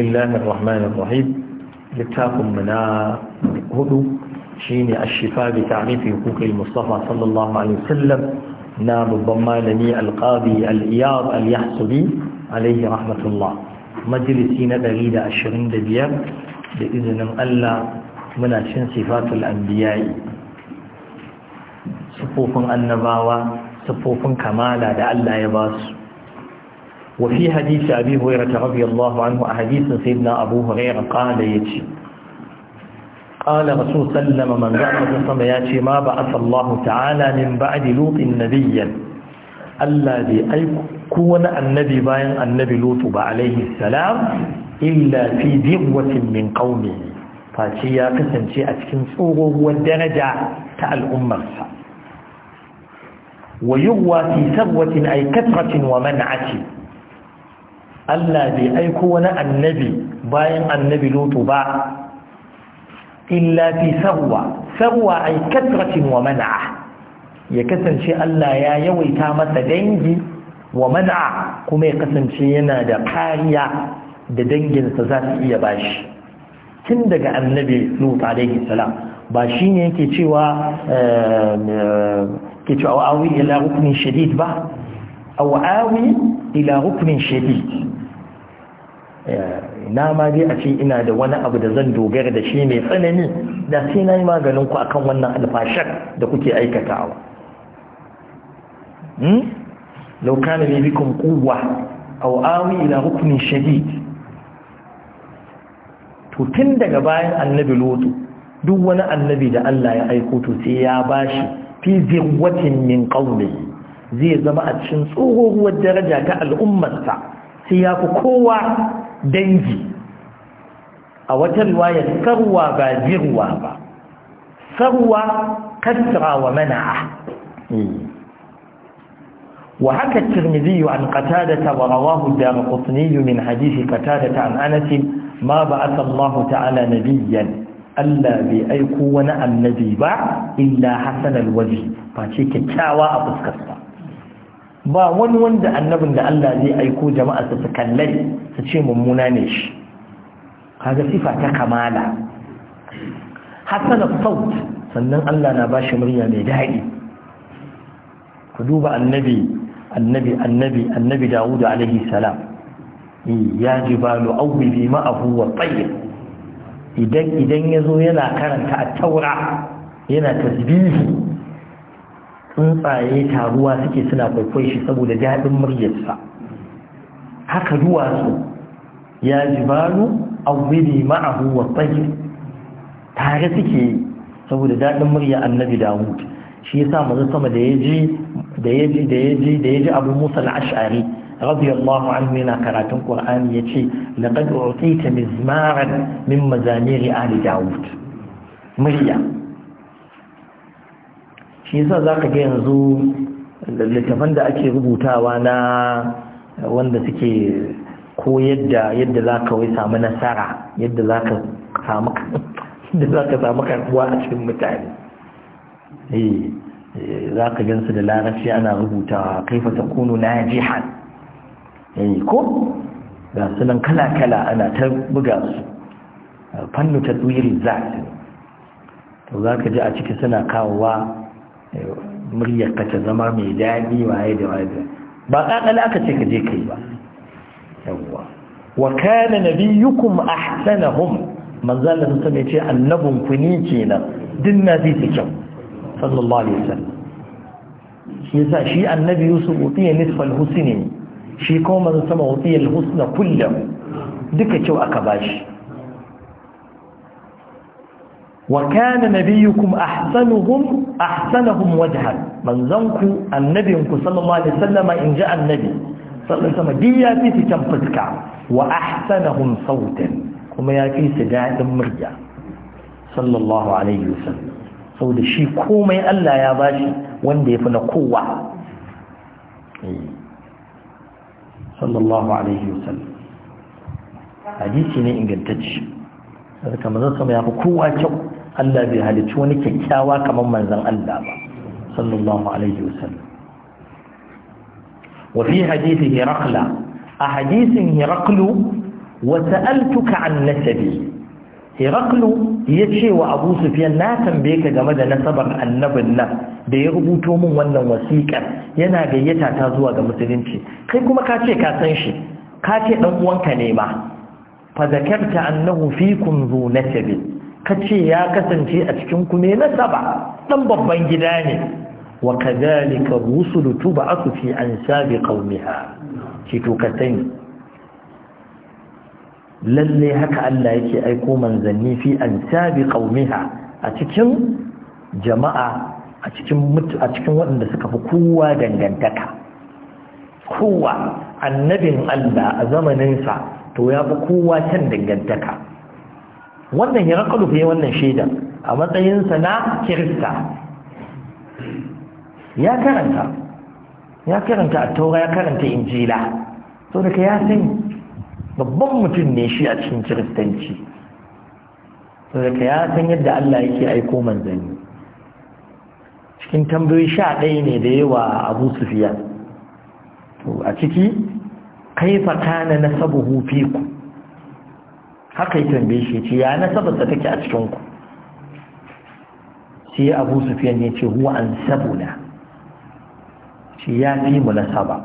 الله الرحمن الرحيم لتاكم منا هدو شيني الشفاء بتعريف حقوق المصطفى صلى الله عليه وسلم نام الضمالني القاضي الإياض اليحصبي عليه رحمة الله مجلسي ندري دا أشرين دبيار بإذن الله من أشن صفات الأنبياء صفوف النباوة صفوف كمالا دا الله يباسو وفي حديث أبي هريرة رضي الله عنه أحاديث سيدنا أبو هريرة قال يتي قال رسول صلى الله عليه وسلم من ذا ياتي ما بعث الله تعالى من بعد لوط نبيا ألا بأيكون النبي باين النبي لوط عليه السلام إلا في ذروة من قومه فاتي قسم شيء أتكن صوره والدرجة تاع الأمة ويغوى في ثروة أي كثرة ومنعة Allah bai aiko wani annabi bayan annabi lutu ba illa fi sarwa sarwa ay katratin wa man'a ya kasance Allah ya yawaita masa dangi wa man'a kuma ya kasance yana da kariya da danginsa za su iya bashi tun daga annabi lutu alaihi salam ba shine yake cewa eh, eh, ke cewa awi ila ruknin shadid ba aw awi ila Rukunin shadid Eh, na ma dai a ce ina da wani abu da zan dogara da shi mai tsanani da sai na yi maganin ku akan wannan alfashar da kuke aikatawa lauka na لي بكم قوة أو آوي إلى ركن To tun daga bayan annabi lotu duk wani annabi da Allah ya aiko to sai ya bashi fi zirwatin min qawlihi zai zama a cikin tsohuwar daraja ta al'ummarsa sai ya fi kowa dangi a wata ruwayar sarwa ba jirwa ba sarwa kasra wa mana'a wa haka tirmidhi an qatadata wa rawahu darqutni min hadith qatadata an anas ma ba'atha Allah ta'ala nabiyyan alla bi aiku wa na'an nabiy ba illa Hassanal waje, ba kyakkyawa a fuskar sa ba wani wanda annabin da Allah zai aiko jama'a su kallai su ce mummuna ne shi kaga sifa ta kamala hasana saut sannan Allah na bashi murya mai daɗi ku duba annabi annabi annabi annabi Dawud alaihi salam ya jibalu awwili ma'ahu wa tayyib idan idan yazo yana karanta at-taura yana tasbihi tsuntsaye taruwa suke suna kwaikwai shi saboda daɗin muryarsa haka duwatsu ya jibalu awwili ma'ahu wa tsajir tare suke saboda daɗin murya annabi dawud shi yasa maza sama da ya ji da ya ji da ya ji ya ji abu musa al'ashari anhu yana karatun ƙur'ani ya ce laqad u'tita mizmaran min mazamiri ali dawud murya shi yasa zaka ga yanzu littafan da ake rubutawa na wanda suke ko yadda yadda zaka wai samu nasara yadda zaka samu da zaka samu karbuwa a cikin mutane eh, eh zaka gansu da larabci ana rubutawa kaifa takunu najihan eh ko ga sunan kala-kala ana ta buga su fannu ta tsuyiri za to za ka ji a ciki suna kawowa muryar ka ta zama mai daɗi waye da waye ba ƙaƙala aka ce ka je kai ba yawwa wa kana nabiyukum ahsanahum manzon Allah sun ce annabun ku ni kenan din na zai ta kyau sallallahu alaihi wasallam shi yasa shi annabi Yusuf utiya nisfal husni shi kuma manzon sama utiya al husna kullahu duka kyau aka bashi وكان نبيكم أحسنهم أحسنهم وجها من زنكو النبيكم صلى الله عليه وسلم إن جاء النبي صلى الله عليه وسلم ديا في تنفتك وأحسنهم صوتا كما يأتي سجاء مرجع صلى الله عليه وسلم صوت الشيء كوما ألا يا باشي وندي فنقوة صلى الله عليه وسلم حديثي ne ingantacce daga manzon sama ya fi kowa kyau Allah bai halicci wani kyakkyawa kamar manzon Allah ba sallallahu alaihi wasallam wa fi hadithi hiraqla a hadisin hiraqlu wa sa'altuka an nasabi hiraqlu yace wa Abu Sufyan na tambaye ka game da nasabar annabin nan da ya rubuto min wannan wasiƙar yana gayyata ta zuwa ga musulunci kai kuma ka ce ka san shi ka ce dan uwanka ne ma fa zakarta annahu fikum zu nasabi ka ce ya kasance a cikin ku ne nasaba Ɗan babban gida ne wa kadhalika rusulu tub'athu fi ansabi qaumiha ki to ka sani lalle haka Allah yake aiko manzanni fi ansabi qaumiha a cikin jama'a a cikin a cikin waɗanda suka fi kowa dangantaka kowa annabin Allah a zamaninsa to ya fi kowa can dangantaka wannan ya raka fiye wannan shaida a matsayinsa na kirista ya karanta ya karanta a taura ya karanta injila sau da ka ya sani babban mutum ne shi a cikin kiristanci sau da ka ya san yadda allah yake aiko manzanni cikin tambayoyi sha ɗaya ne da yawa abu sufiya a ciki kai na kana hufi fiku haka ya tambaye shi ce ya nasabarsa take a cikinku sai abu sufiyan ya ce huwa an sabuna shi ya fi mu nasaba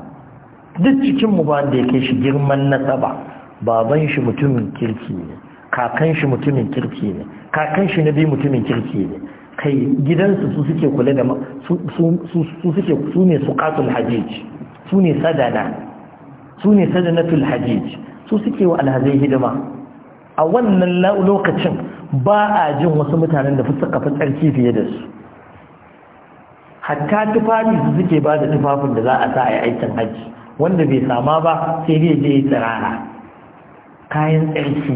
duk cikinmu ba da ya kai shi girman nasaba baban shi mutumin kirki ne kakan shi mutumin kirki ne kakan shi na biyu mutumin kirki ne kai gidansu su suke kula da su suke su ne suqatul hajij su ne sadana su ne tul hajij su suke wa alhazai hidima a wannan lokacin ba a jin wasu mutanen da suka fi tsarki fiye da su hatta tufafi su suke ba da tufafin da za a sa a aikin hajji wanda bai sama ba sai dai je tsirara kayan tsarki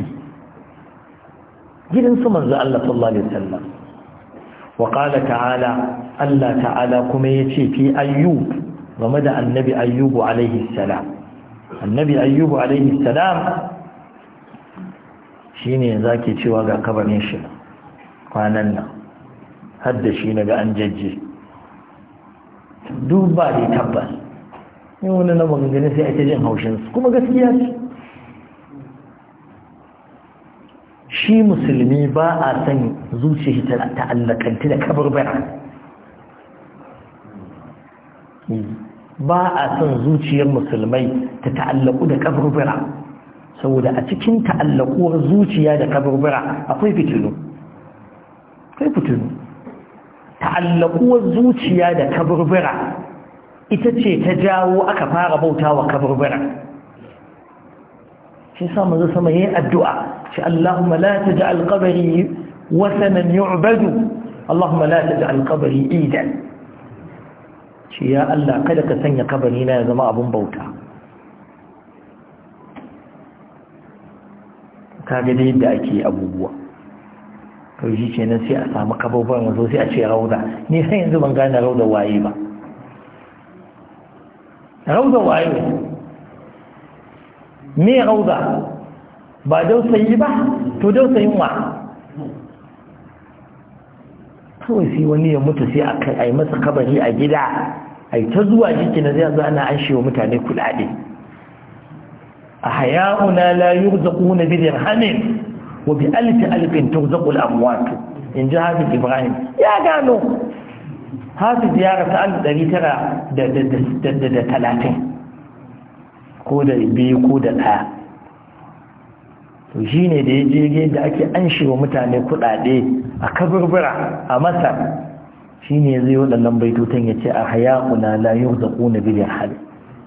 gidan su manzo Allah sallallahu alaihi wasallam wa qala ta'ala Allah ta'ala kuma yace fi ayyub game da annabi ayyubu alaihi salam annabi ayyubu alaihi salam shi ne za ke cewa ga kabarin shi kwanan nan hadda shi na ga an jajje duba da tabbas yin wani na maganganu sai ake jin haushinsu kuma gaskiya ce shi musulmi ba a san zuciya ta ta'allakanti da kabarbara ba a san zuciyar musulmai ta ta'allaku da kabarbara saboda a cikin ta'allakuwar zuciya da kaburbura akwai fitilu akwai fitilu ta'allakuwar zuciya da kaburbura ita ce ta jawo aka fara bauta wa kaburbura shi sa manzo sama yayin addu'a shi Allahumma la taj'al qabri wasanan yu'badu Allahumma la taj'al qabri idan shi ya Allah kada ka sanya kabari na ya zama abin bauta ka ga da yadda ake abubuwa to shi kenan sai a samu kababar mazo sai a ce rauda ni sai yanzu ban gane rauda waye ba rauda waye me rauda ba dausayi ba to dausayin wa kawai sai wani ya mutu sai a yi masa kabari a gida a yi ta zuwa jikin na zai zo ana an shewa mutane kudade أحياؤنا لا يرزقون بدرهم وبألف ألف ترزق الأموات إن جاء هذا إبراهيم يا قالوا هذه da ألف talatin ترى ثلاثين كودة ko كودة ɗaya to shi ne da ya jirgin da ake an wa mutane kuɗaɗe a kaburbura a masar shi ne zai waɗannan baitutan ya ce a la yau da ƙuna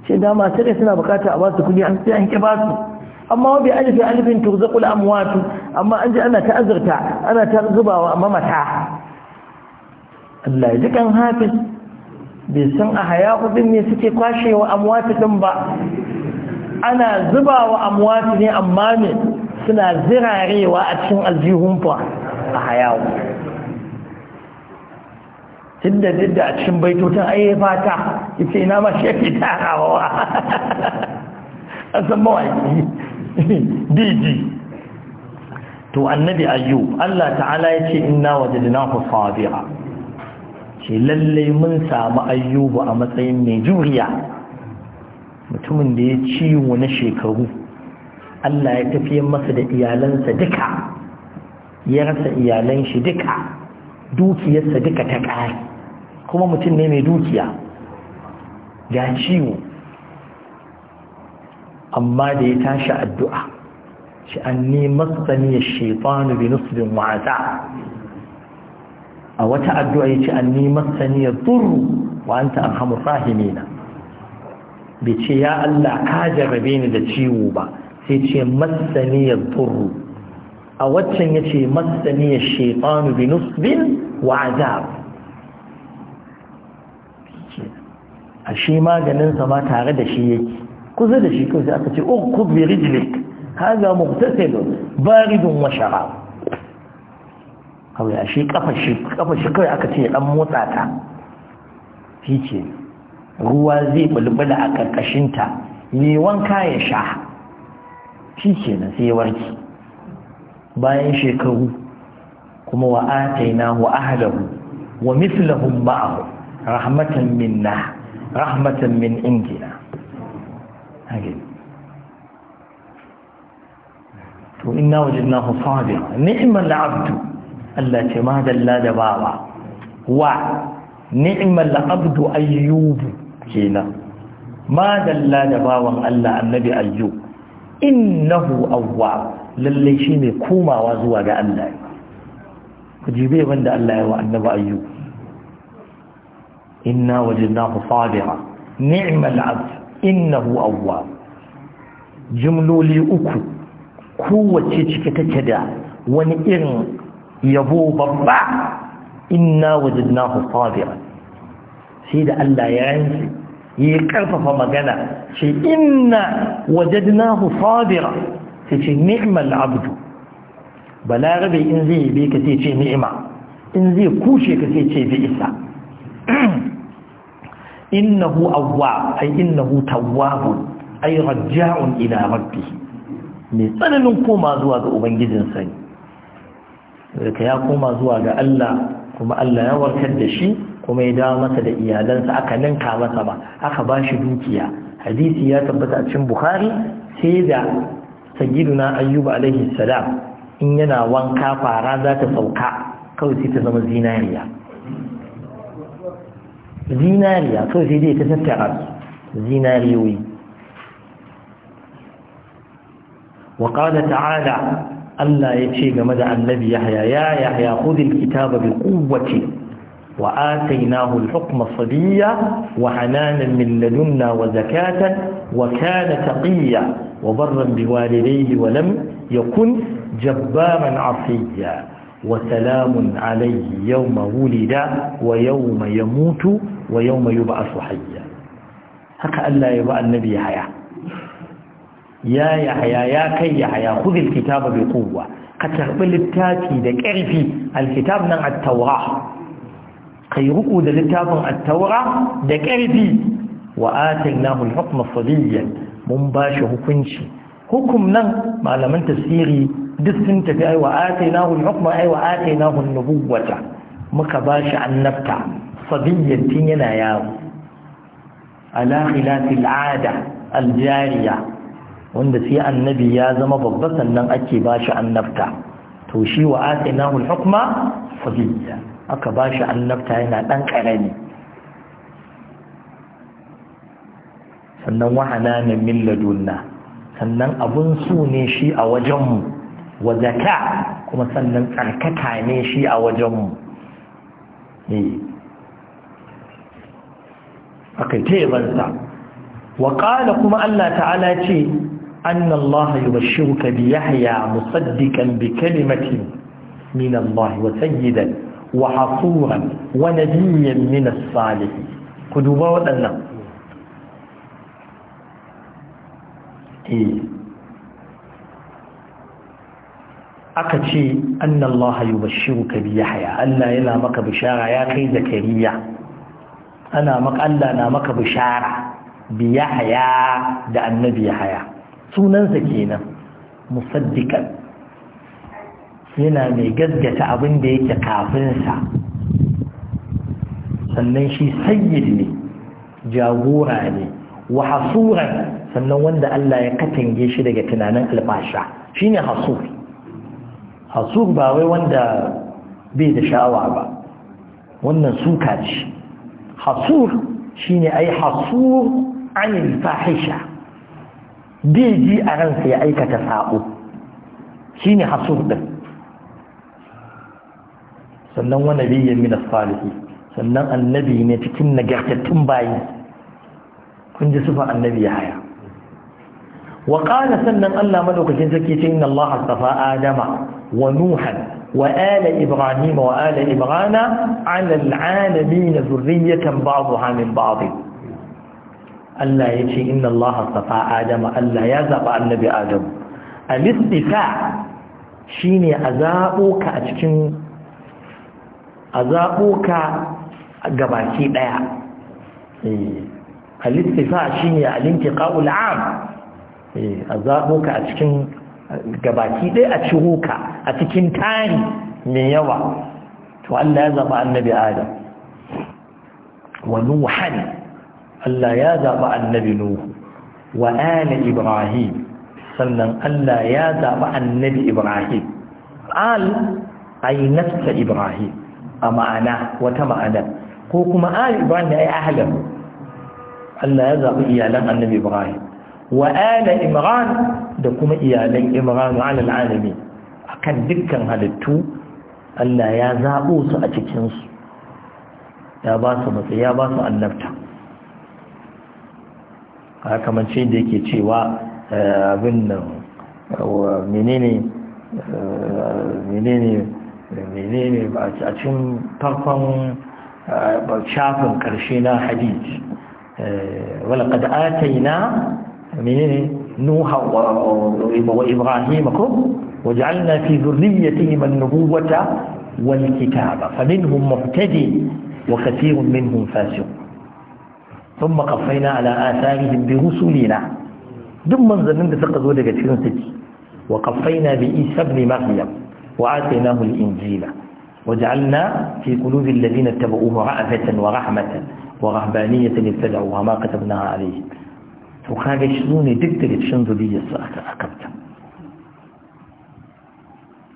ce dama masu suna bukata a basu kudi an sai an ki basu amma wabi alifi alifin turzaqul amwatu amma an ji ana ta ana ta zubawa mamata Allah ji kan hafiz bai san a haya kudin ne suke kwashewa amwatu din ba ana zubawa amwatu ne amma ne suna zirarewa a cikin aljihun fa a hayawo duk duk da a cikin baitotin fata. ita ina ma shi ake tarawa a san mawaki to annabi ayyub Allah ta'ala ya ce inna wajadnahu sabira ce lallai mun samu ayyubu a matsayin mai juriya mutumin da ya ciwo na shekaru Allah ya tafiye masa da iyalansa duka ya rasa iyalan shi duka dukiyarsa duka ta ƙari kuma mutum ne mai dukiya ga ciwo amma da ya tashi addu'a shi an nemar saniyar shefanu bi wa'aza a wata addu'a ya ce an nemar saniyar wa an hamu rahimina bai ce ya Allah ka jarabe ni da ciwo ba sai ce masaniyar turu a waccan ya ce masaniyar shefanu bi bin wa'aza a shi maganinsa ma tare da shi yake kusa da shi kawai aka ce urkub bi rijlik kaga muktasil baridun wa sharab kawai a shi kafa shi kafa shi kawai aka ce dan motsa ta fice ruwa zai bulbula a karkashin ta ne wanka ya sha fice na sai warki bayan shekaru kuma wa atainahu ahlahu wa mithlahum ma'ahu rahmatan minna rahmatan min ingina to inna wajadnahu sabira ni'mal abdu Allah ce ma dalla da bawa wa ni'imar abdu Ayyubu kenan ma dalla da bawan Allah annabi ayyub innahu awwab lallai shi mai komawa zuwa ga Allah ku jibe wanda Allah ya wa annabi ayyub inna wajadnahu sabira ni'mal abd innahu awwab jumloli uku kowace cike take da wani irin yabo babba inna wajadnahu sabira sai da Allah ya rantsi ya karfafa magana ce inna wajadnahu sabira sai ce ni'mal abdu balarabe in zai bi ka sai ce ni'ima in zai kushe ka ce bi isa innahu awwab ay innahu tawwab ay rajja'un ila rabbih mai tsananin koma zuwa ga ubangijin sai ne ka ya koma zuwa ga Allah kuma Allah ya warkar da shi kuma ya dawo masa da iyalansa aka ninka masa ba aka ba shi dukiya hadisi ya tabbata a cikin bukhari sai da sayyiduna ayyub alaihi salam in yana wanka fara za ta sauka kawai sai ta zama zinariya زيناريا كل زيدي تسنت عرض زيناريوي وقال تعالى ألا يتشيق مدى الذي يحيى يا يحيى خذ الكتاب بقوة وآتيناه الحكم الصبية وحنانا من لدنا وزكاة وكان تقيا وبرا بوالديه ولم يكن جباما عصيا وسلام عليه يوم ولد ويوم يموت ويوم يبعث حيا هكا ألا يبقى النبي حيا يا يحيى يا كي يحيى خذ الكتاب بقوة كتغب للتاتي دك اعفي الكتاب من التوراة كي رؤود للتاب التوراة دك اعفي وآتيناه الحكم الصديا منباشه كنشي hukum nan malaman tasiri duk sun tafi aiwa atainahu al-hukma aiwa atainahu an-nubuwata muka bashi annabta sabiyyan tin yana yawo ala khilafi al-ada al wanda sai annabi ya zama babba sannan ake bashi annabta to shi wa atainahu al-hukma sabiyya aka bashi annabta yana dan karami sannan wahana min ladunna sannan abun su ne shi a wajenmu wa zaka kuma sannan tsarkaka ne shi a wajenmu eh. aka yi taibansa wa ƙala kuma Allah ta'ala ce an Allah yi bashiruka bi yahya musaddikan bi kalimati min Allah wa sayyidan wa hasuran wa nabiyyan min ku duba waɗannan eh. aka ce shiru ka biya haya. Allah yana maka bishara ya kai zakariya ana Allah na maka bishara biya haya da annabi ya haya. sunansa kenan musaddikan yana mai gaggata abin da yake kafinsa. sannan shi sayyid ne jagora ne wa hasuran sannan wanda Allah ya katange shi daga tunanin albasha shine hasuri hasur ba wai wanda bai da sha'awa ba wannan suka ce hasur shine ai hasur anil fahisha bai ji a ransa ya aikata sa'o ne hasur ɗin sannan wani nabiyyin min as sannan annabi ne cikin nagartattun bayi kun ji sufa annabi ya haya wa sannan Allah madaukakin sarki ce inna Allah astafa adama ونوحا وآل إبراهيم وآل إبراهيم على العالمين ذرية بعضها من بعض ألا يجي إن الله اصطفى آدم ألا يزق النبي آدم الاصطفاء شيني أزاؤك أتكن أزاؤك قباكي بيع ايه، الاصطفاء شيني الانتقاء العام ايه، أزاؤك أتكن gabaki ɗaya a ciro ka a cikin tari mai yawa to Allah ya zaɓa annabi Adam wa Nuhan Allah ya zaɓa annabi Nuhu wa ala Ibrahim sannan Allah ya zaɓa annabi Ibrahim al ay nafsa Ibrahim a ma'ana wata ma'ana ko kuma al Ibrahim da ya ahlan Allah ya zaɓi iyalan annabi Ibrahim wa ala Imran da kuma iyalan imranu alal alami akan dukkan halittu Allah ya zaɓo su a cikinsu ya ba su matsayi ya ba su annabta a kamance da yake cewa eh, abin nan menene eh, menene menene a cikin farkon eh, shafin karshe na hadith wala kad ataina menene نوح وإبراهيم وجعلنا في ذريتهم النبوة والكتاب فمنهم مهتدي وكثير منهم فاسق ثم قفينا على آثارهم برسلنا ثم ظننا ظنن تقض ودك تكي وقفينا بإيسى بن مريم وآتيناه الإنجيل وجعلنا في قلوب الذين اتبعوه رأفة ورحمة ورهبانية ابتدعوها ما كتبناها عليهم to kaga shi ne duk daga cikin zuriyarsa aka akabta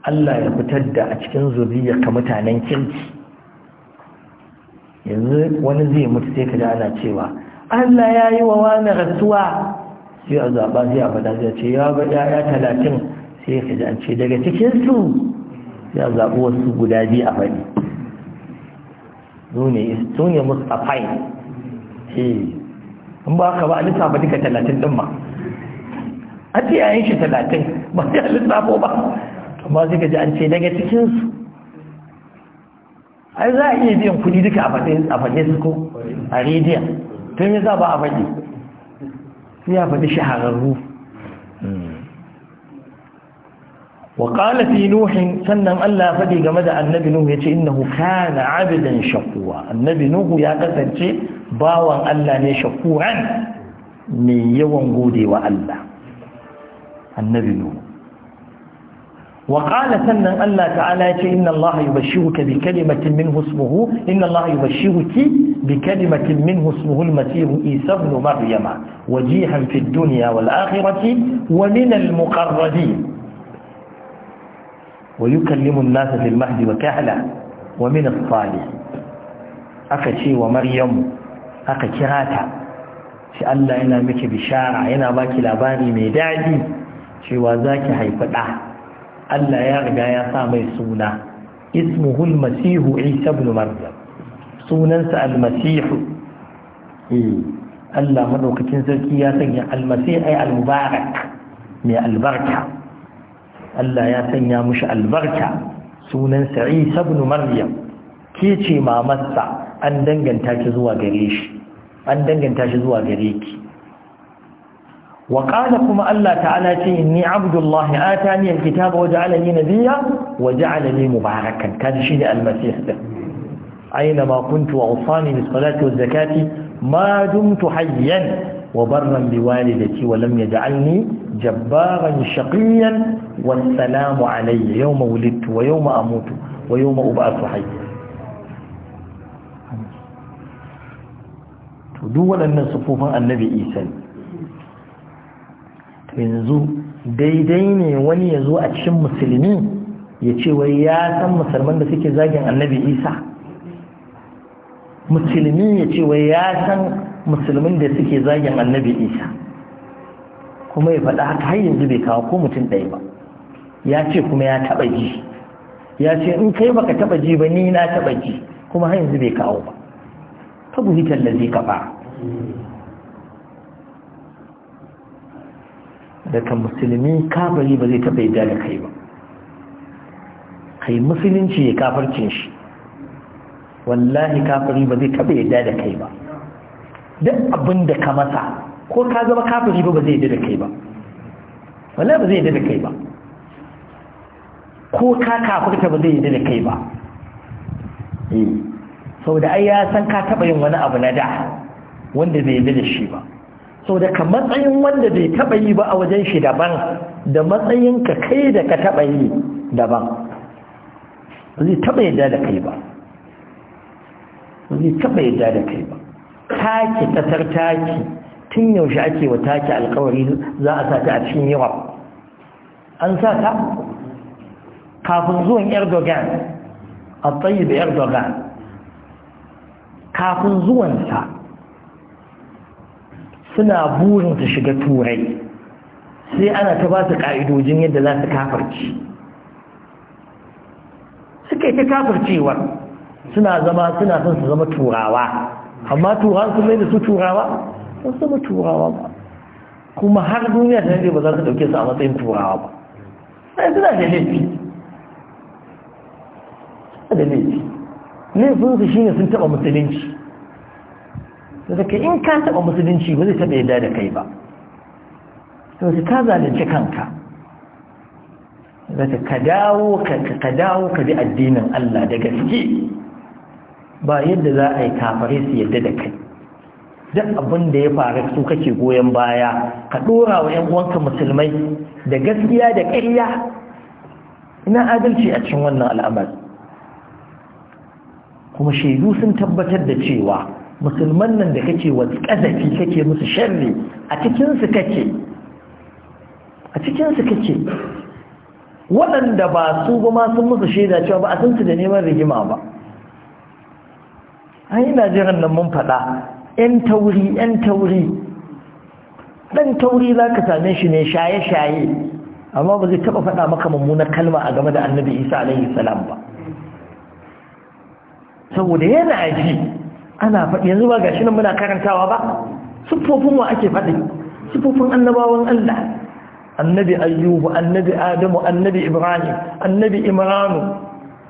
Allah ya fitar da a cikin zuriyar ka mutanen kirki yanzu wani zai mutu sai ka ji ana cewa Allah ya yi wa wani rasuwa sai a zaɓa sai a faɗa sai ce ya ga ya talatin sai ka ji an ce daga cikinsu sai a zaɓi wasu guda biyu a faɗi Sune musu a fai eh. in ba ka ba a lissafa duka talatin ɗin ma a ce yayin shi talatin ba sai a lissafo ba amma sai ka ji an ce daga cikinsu ai za a iya biyan kuɗi duka a fadin su ko a rediyon tun yi za ba a faɗi sai ya faɗi shahararru وقال في نوح سنن الله فدي game da annabi nuhu yace innahu kana abidan shakwa annabi nuhu ya kasance bawan Allah ne shakuran mai yawan gode wa Allah annabi nu wa qala sannan Allah ta'ala yace inna Allah yubashshiruka bi kalimatin minhu ismuhu inna Allah yubashshiruki bi kalimatin minhu ismuhu al-masih Isa ibn Maryama wajihan fi ad-dunya wal akhirati wa min al-muqarrabin ويكلم الناس في المهد وكهلا ومن الصالح أكشي ومريم aka kira ta shi Allah yana miki bishara yana baki labari mai daɗi cewa za ki haifi ɗa Allah ya riga ya sa mai suna ismuhu almasihu isa maryam sunansa almasihu eh Allah madaukakin sarki ya sanya almasih ay almubarak mai albarka Allah ya sanya mushi albarka sunansa isa maryam ke ce mamarsa an danganta shi zuwa gare shi an danganta shi zuwa gare ki wa qala kuma Allah ta'ala ce inni abdullahi atani alkitaba wa ja'alani nabiyya wa ja'alani mubarakan kan shi ne almasih din aina ma kuntu awsani bis salati waz zakati ma dumtu hayyan wa barran bi walidati wa lam yaj'alni jabbaran shaqiyan wassalamu alayya yawma wulidtu wa yawma amutu wa yawma ub'athu hayyan to duk waɗannan sufufin annabi isa ne to yanzu daidai ne wani ya zo a cikin musulmi ya ce wai ya san musulman da suke zagin annabi isa musulmi ya ce wai ya san musulmin da suke zagin annabi isa kuma ya faɗa haka har yanzu bai kawo ko mutum ɗaya ba ya ce kuma ya taɓa ji ya ce in kai baka taɓa ji ba ni na taɓa ji kuma har yanzu bai kawo ba buhitar da zai kafa daga musulmi kafari ba zai taɓa yadda da kai ba kai musulunci ya kafarcin shi wallahi kafari ba zai taɓa yadda da kai ba duk abin da ka masa ko ka zama kafari ba ba zai yadda da kai ba wallahi ba zai yadda da kai ba ko ka kafarta ba zai yadda da kai ba eh, sau da ai ya san ka taɓa yin wani abu na da wanda bai yi da shi ba sau daga matsayin wanda bai taɓa yi ba a wajen shi daban da matsayin ka kai da ka taɓa yi daban zai taɓa yadda da kai ba zai taɓa yadda da kai ba taki tasar taki tun yaushe ake wa taki alkawari za a sa ta a cikin yawa an sa ta kafin zuwan erdogan a tsayi da erdogan kafin zuwansa suna burin ta shiga turai sai ana ta ba su ƙa'idojin yadda za su kafarci suka yi ta kafarcewar suna zama suna son su zama turawa amma turawa sun mai da su turawa sun zama turawa ba kuma har duniya ta yanzu ba za su ɗauke su a matsayin turawa ba sai suna da laifi da laifi laifinsu shine sun taɓa musulunci zaka in ka taba musulunci ba zai taba yadda da kai ba to ka zalunci kanka zaka ka dawo ka dawo ka bi addinin Allah da gaske ba yadda za a yi kafare su yadda da kai duk abin da ya faru su kake goyon baya ka dora wa 'yan uwanka musulmai da gaskiya da ƙarya ina adalci a cikin wannan al'amari kuma shaidu sun tabbatar da cewa musulman nan da kake wasu kazafi kake musu sharri a cikin kake a cikin kake waɗanda ba su ba ma sun musu shaida cewa ba a sun su da neman rigima ba a yi najeriya nan mun faɗa 'yan tauri 'yan tauri ɗan tauri za ka same shi ne shaye-shaye amma ba zai taɓa faɗa maka mummunar kalma a game da annabi isa alaihi salam ba saboda yana ji ana faɗi yanzu ba gashi nan muna karantawa ba siffofin wa ake faɗi siffofin annabawan Allah annabi ayyubu annabi adamu annabi ibrahim annabi imranu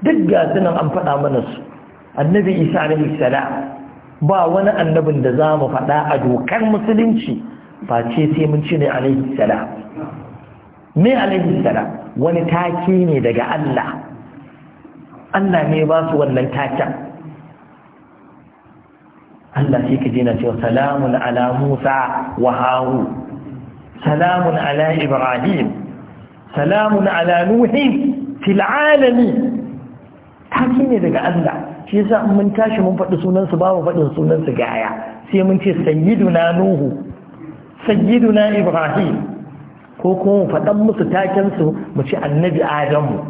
duk ga sunan an faɗa mana su annabi isa alaihi salam ba wani annabin da za mu faɗa a dokar musulunci ce sai mun ci ne alaihi salam me alaihi salam wani take ne daga Allah Allah ne ba su wannan taken Allah sai ka jina cewa salamun ala Musa wa Haru salamun ala Ibrahim salamun ala Nuhi fil'alami alamin taki ne daga Allah shi mun tashi mun faɗi sunansu babu faɗin sunan su gaya sai mun ce sayyiduna Nuhu sayyiduna Ibrahim ko kuma mu faɗan musu takensu mu ce annabi Adamu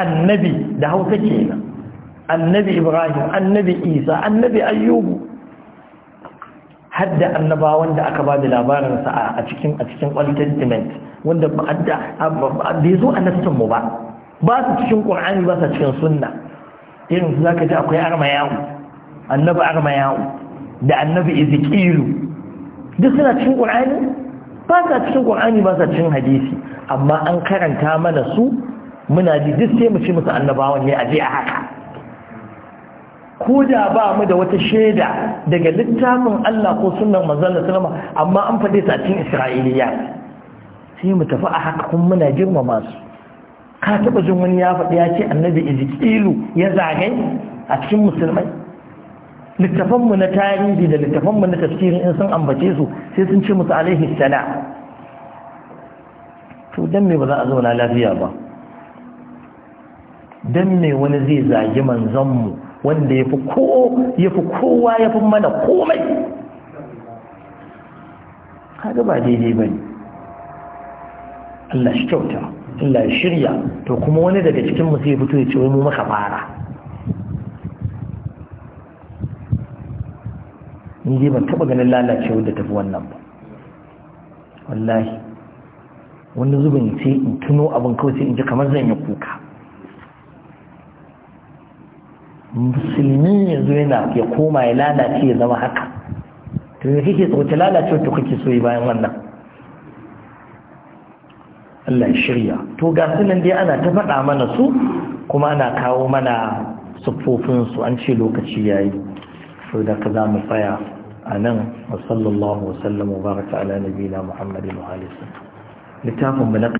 annabi da Hausa kenan annabi Ibrahim annabi Isa annabi Ayyubu hadda annabawan da aka ba da labarinsa a cikin a cikin Old wanda ba bai zo a nassin mu ba ba su cikin Qur'ani ba su cikin Sunna irin su zaka ji akwai armayahu annabi armayahu da annabi Ezekielu duk suna cikin Qur'ani ba su cikin Qur'ani ba su cikin hadisi amma an karanta mana su muna ji duk sai mu ci musu annabawan ne a je a haka ko da ba mu da wata shaida daga littafin Allah ko sunan manzannin salama amma an fade ta cikin isra'iliya sai mu tafi a haka kuma muna girmama su ka taɓa jin wani ya faɗi ya ce annabi ezekielu ya zagai a cikin musulmai mu na tarihi da mu na tafsirin in sun ambace su sai sun ce musu alaihi sana to dan me ba za a zauna lafiya ba dan me wani zai zagi mu. wanda ya fi kowa ya fi mana komai kaga ba daidai ba ne Allah shi kyauta Allah ya shirya to kuma wani daga cikin musu sai fito ya ce wai mu maka fara ni dai ban taba ganin lalacewar da tafi wannan ba wallahi wani zubin sai in tuno abin kawai sai in ji kamar zan yi kuka musulmi yanzu yana ya koma ya lalace ya zama haka to ya kake tsoci lalace to kake so yi bayan wannan Allah shirya to ga nan dai ana ta faɗa mana su kuma ana kawo mana siffofinsu an ce lokaci yayi so da ka za mu tsaya a nan wa sallallahu wa sallam wa baraka ala nabiyina muhammadin wa alihi littafin mu na